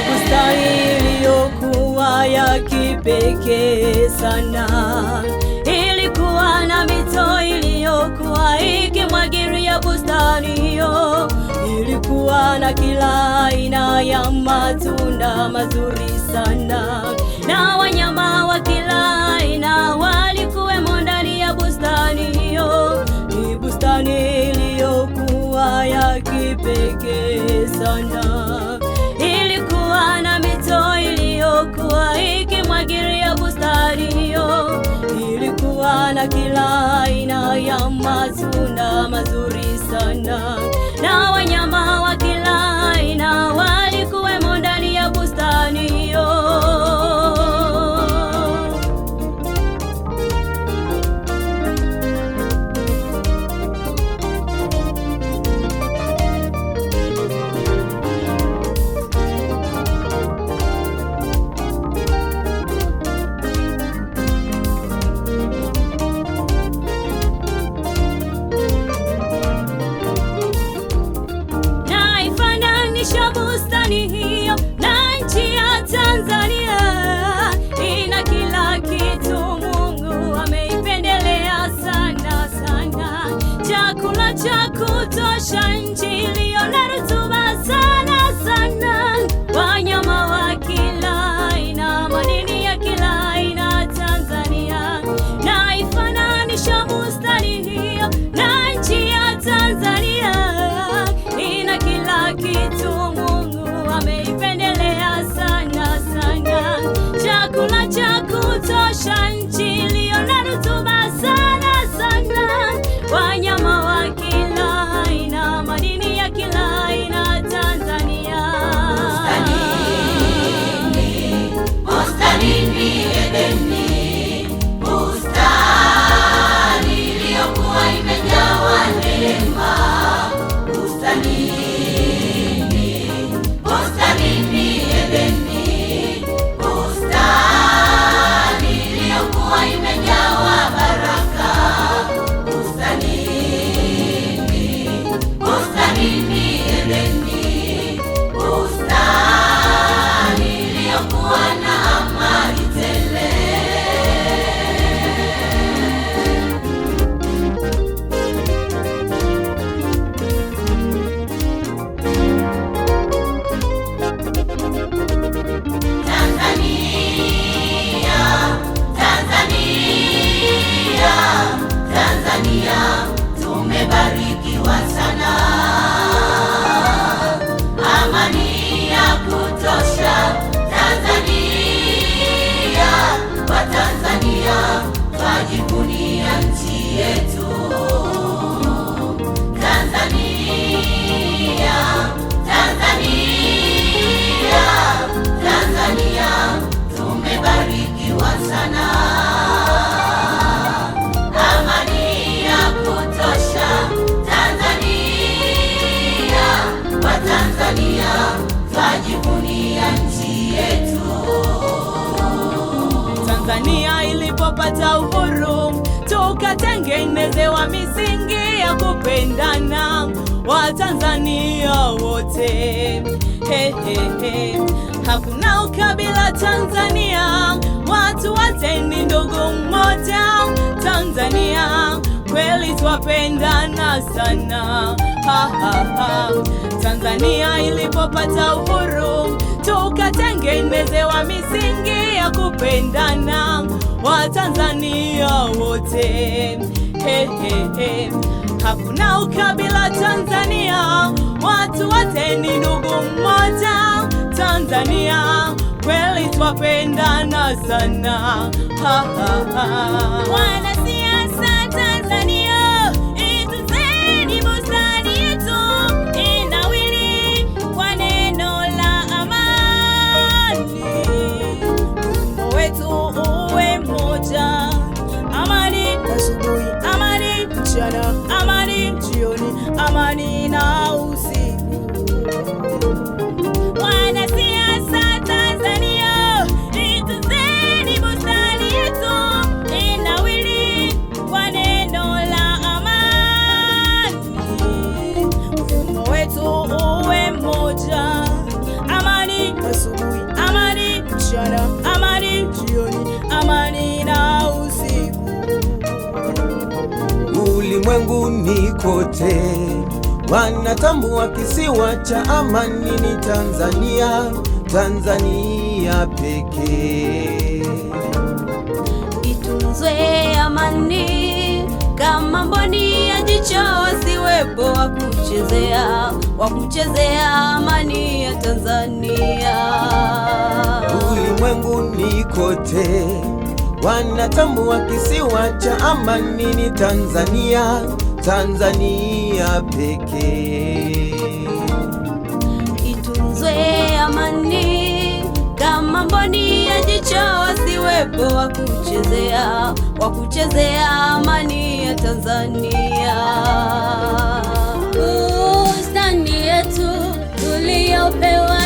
bustani iliyokuwa ya kipekee sana. Ilikuwa na mito iliyokuwa ikimwagiria bustani hiyo. Ilikuwa na kila aina ya matunda mazuri sana na wanyama wa kila Mazuda, Mazuna, Mazuna. sunshine. kupata uhuru, tukatengenezewa misingi ya kupendana Watanzania wote he, he, Hakuna ukabila Tanzania, watu wote ni ndugu mmoja Tanzania, kweli twapendana sana ha, ha, ha. Tanzania ilipopata uhuru tukatengenezewa misingi ya kupendana Watanzania wote he, he, he hakuna ukabila Tanzania, watu wote ni ndugu mmoja Tanzania, kweli twapendana sana ha, ha, ha. ulimwenguni kote wanatambua kisiwa cha amani ni Tanzania, Tanzania pekee. Itunzwe amani kama mboni ya jicho, wasiwepo wa kuchezea, wa kuchezea amani ya Tanzania ulimwenguni kote wanatambua kisiwa cha amani ni Tanzania, Tanzania pekee. Itunzwe amani kama mboni ya jicho, wasiwepo wa kuchezea, wa kuchezea amani ya Tanzania. Bustani yetu tuliyopewa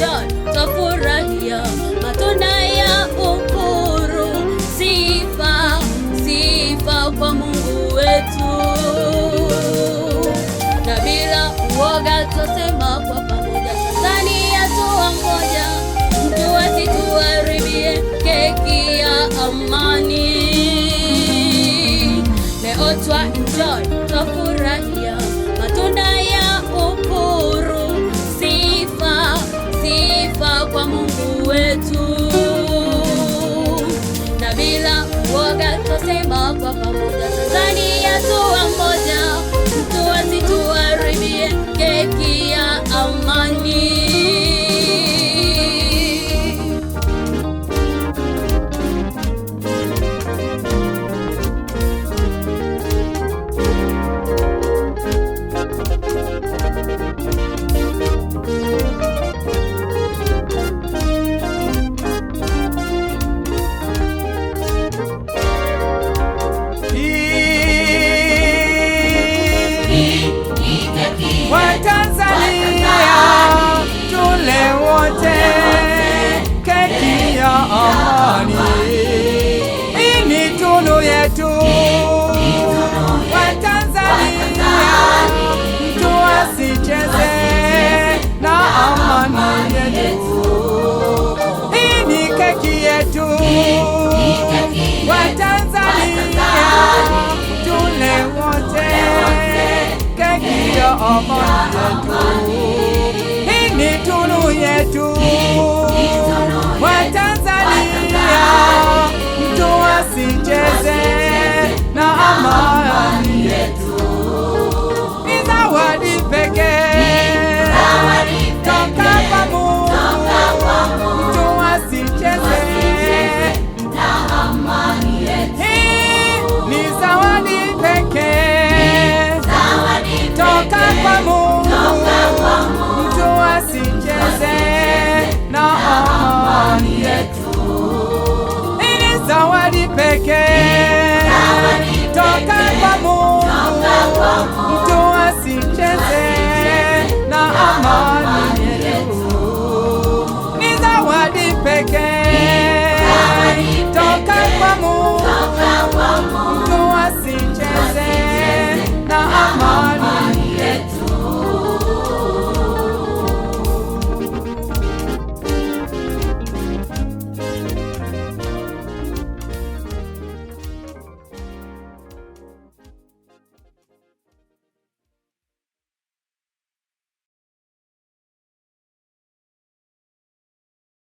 pamoja tafurahia matunda ya ukuru. Sifa, sifa kwa Mungu wetu, na bila uoga tutasema kwa pamoja, sani yatua moja, mtu asituharibie keki ya amani. Leo twa enjoy, tafurahia matunda ya yetu, na bila woga twasema kwa pamoja, Tanzania tuwa moja, mtu asituharibie keki ya amani yetu. Hii ni tunu yetu Watanzania, mtu asicheze na amani yetu. Yeah.